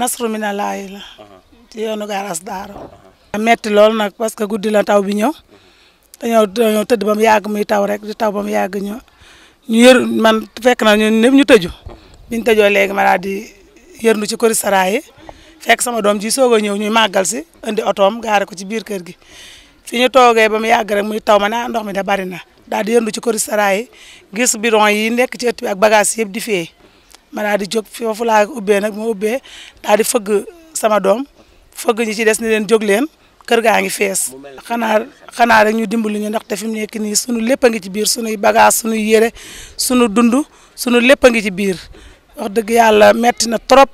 nasru minallaahi la ci yoonu gaaraas daara metti lool nag parce que guddi la taw bi ñëw dañoo dañoo ba mu yàgg muy taw rek di taw ba mu yàgg ñu ñu yër man fekk na ñun ñëpp ñu tëju biñ tëjoo léegi ma daal di yërnu ci kori sara yi fekk sama doom ji soog a ñëw ñuy màggal si indi otoom gaare ko ci biir kër gi fi ñu toogee ba mu yàgg rek muy taw ma ne ah, ndox mi da bari na daal di yërnu ci kori sara yi gis bidon yi nekk ci ëtt bi ak bagage yëpp di fee ma daal di jóg foofu laa ubbee nag ma ubbee daal di fëgg sama doom fëgg ñi ci des ni leen jóg leen kër gaa ngi fees. xanaa xanaa rek ñu dimbali ñu ndaxte fi mu nekk nii sunu lépp a ngi ci biir sunuy bagage sunuy yére sunu dund sunu lépp a ngi ci biir wax dëgg yàlla metti na trop.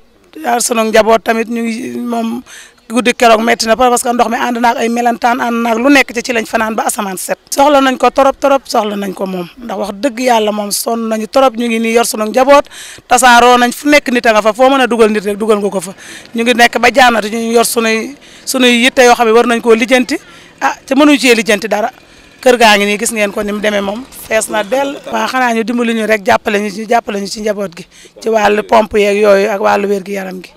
sunu njaboot tamit ñu ngi moom guddi keroog metti na parce que ndox mi ànd ay melentaan ànd naag lu nekk ci ci lañ fanaan ba asamaan set soxla nañ ko torop torop soxla nañ ko moom ndax wax dëgg yàlla moom sonn nañu torop ñu ngi nii yor sunu njaboot tasaaroo nañ fu nekk nit a nga fa foo mën a dugal nit rek dugal nga ko fa ñu ngi nekk ba jaanatu ñu yor sunuy sunuy yitte yoo xam ne war nañ koo lijjanti ah te mënuñ cee lijjanti dara kër gaa ngi nii gis ngeen ko ni mu demee moom fees na dell waaw xanaa ñu dimbali ñu rek jàppale ñu ci jàppale ñu njaboot gi ci wàllu pompe yeeg yooyu ak wàllu wér gi yaram gi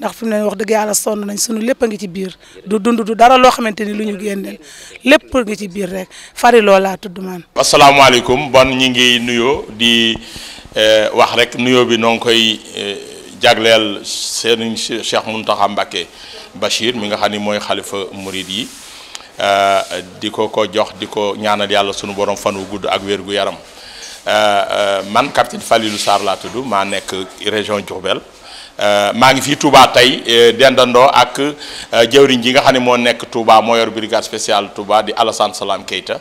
ndax fi mu ne wax dëgg yàlla sonn nañ sunu lépp a ngi ci biir du dund du dara loo xamante ni luñu ñu génneel lépp ngi ci biir rek fari loolaa tudd maan. asalaamaaleykum bon ñi ngi nuyoo di eh, wax rek nuyoo bi noo ngi koy eh, jagleel sëriñ Cheikh Mountakha Mbacké Bachir mi nga xam ni mooy xalifa murid yi eh, di ko ko jox di ko ñaanal yàlla sunu borom fan wu gudd ak wér gu yaram man capitaine Falilou Sarr laa tudd maa nekk région Diourbel. Euh, maa ngi fii Touba tey euh, dendandoo ak euh, jëwriñ ji nga xam ne moo nekk Touba moo yor brigade spéciale Touba di Alassane Salam Keita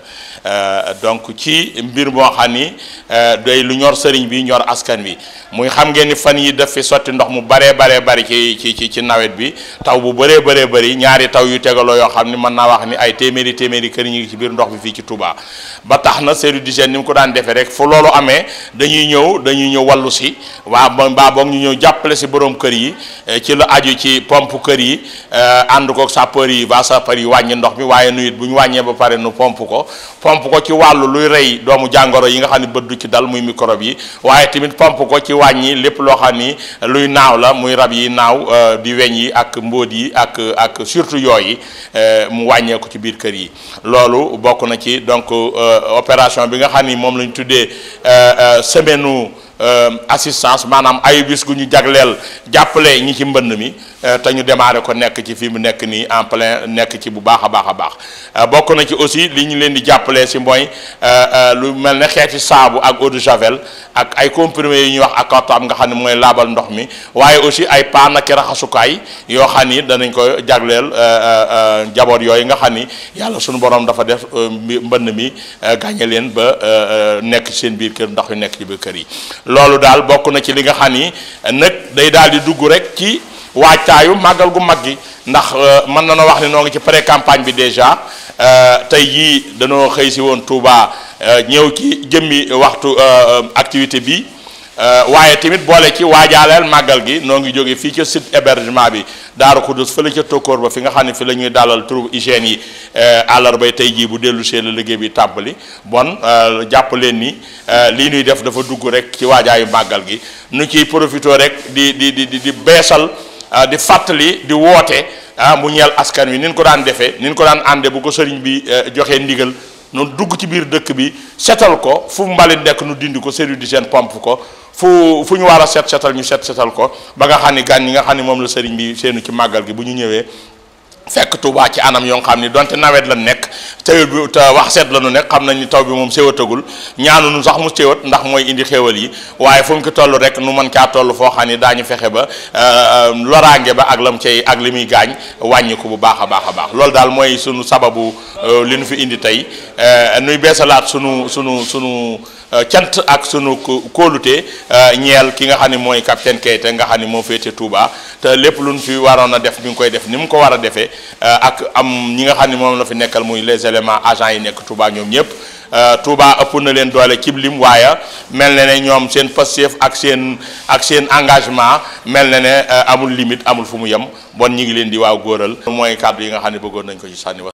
donc ci mbir moo xam ni doy lu ñor sëriñ bi ñor askan wi muy xam ngeen ni fan yi daf fi sotti ndox mu baree baree bari ci ci ci ci nawet bi taw bu bëree bëree bëri ñaari taw yu tegaloo yoo xam ni mën naa wax ni ay téeméeri téeméeri kër ñu ngi ci biir ndox bi fii ci Touba ba tax na service d'hygiène ni mu ko daan defee rek fu loolu amee dañuy ñëw dañuy ñëw wàllu si borom kër yi eh, ci lu aju ci pompe kër yi eh, ànd ko sapeur yi ba sapeur yi wàññi ndox mi waaye nu it bu ñu wàññee ba pare nu pomp ko pomp ko ci wàllu luy rey doomu jàngoro yi nga xam ne bët du ci dal muy microbe yi waaye tamit pomp ko ci wàññi lépp loo xam ni luy naaw la muy rab yi naaw eh, di weñ yi ak mbóot yi ak ak surtout yooyu mu wàññeeku ci biir kër yi loolu bokk na ci donc opération bi nga xam ni moom lañ tuddee semaine Euh, assistance maanaam ay bis gu ñu jagleel jàppale ñi ci mbënn mi euh, te ñu démarré ko nekk ci fi mu nekk nii en plein nekk ci bu baax a baax a baax euh, bokk na ci aussi li ñu leen di jàppale si mooy lu mel ne xeeti saabu ak eau de javel ak ay comprimés yu ñuy wax ak kattan nga xam ne mooy laabal ndox mi waaye aussi ay paan ak raxasukaay yoo xam ni danañ ko jagleel jaboot yooyu nga xam ni yàlla sunu borom dafa def mbënn mi gàññe leen ba nekk ci seen biir kër ndax yu nekk ci biir kër yi. loolu daal bokk na ci li nga xam ni nag day daal di dugg rek ci waajtaayu màggal gu mag gi ndax euh, mën na noo wax ne noo ngi ci pré campagne bi déjà euh, tey jii danoo xëy si woon Touba euh, ñëw ci jëmmi waxtu activité bi waaye tamit boole ci waajaaleel màggal gi noo ngi jóge fii ci site hébergement bi Daaru Xudus fële ca tokkoor ba fi nga xam ne fi la ñuy dalal troupe hygiène yi eh, àllarbay tey jii bu dellu see la liggéey bi tàmbali bon eh, jàpp leen ni eh, lii ñuy def dafa dugg rek ci waajaayu màggal gi nu ciy profité rek di di di di beesal di fàttali di woote ah mu ñeel askan wi ni ñu ko daan defee ni ñu ko daan àndee bu ko sëriñ bi joxee ndigal noonu dugg ci biir dëkk bi setal ko fu mbalit nekk nu dindi ko service d'hygiène pompe ko fu fu ñu war a set setal ñu set setal ko ba nga xam ni gan ñi nga xam ni moom la sëriñ bi seenu ci màggal gi bu ñu ñëwee fekk Touba ci anam yoo xam ni donte nawet lan nekk tawit bi te wax seet la nu nekk xam nañ ni taw bi moom séwatagul ñaanu nu sax mu séwat ndax mooy indi xéwal yi waaye fu mu ko toll rek nu mën kaa toll foo xam ni daañu fexe ba euh, loraange ba ak lam cay ak li muy gaañ wàññi bu baax a baax a baax loolu daal mooy sunu sababu euh, li nu fi indi tey euh, nuy beesalaat sunu sunu sunu cant ak sunu kóolute ñeel ki nga xam ni mooy capitaine Keita nga xam ni moo féete Touba te lépp lu nu fi waroon a def ñu ngi koy def ni mu ko war a defee. Euh, ak am ñi nga xam ne moom la fi nekkal muy les éléments agent yi nekk Touba ñoom ñëpp euh, Touba ëpp na leen doole cib lim waaye mel na ne ñoom seen passif ak seen ak seen engagement mel na ne euh, amul limite amul fu mu yem bon ñi ngi leen di waaw góoral mooy kàddu yi nga xam ne bëggoon nañ ko ci sànni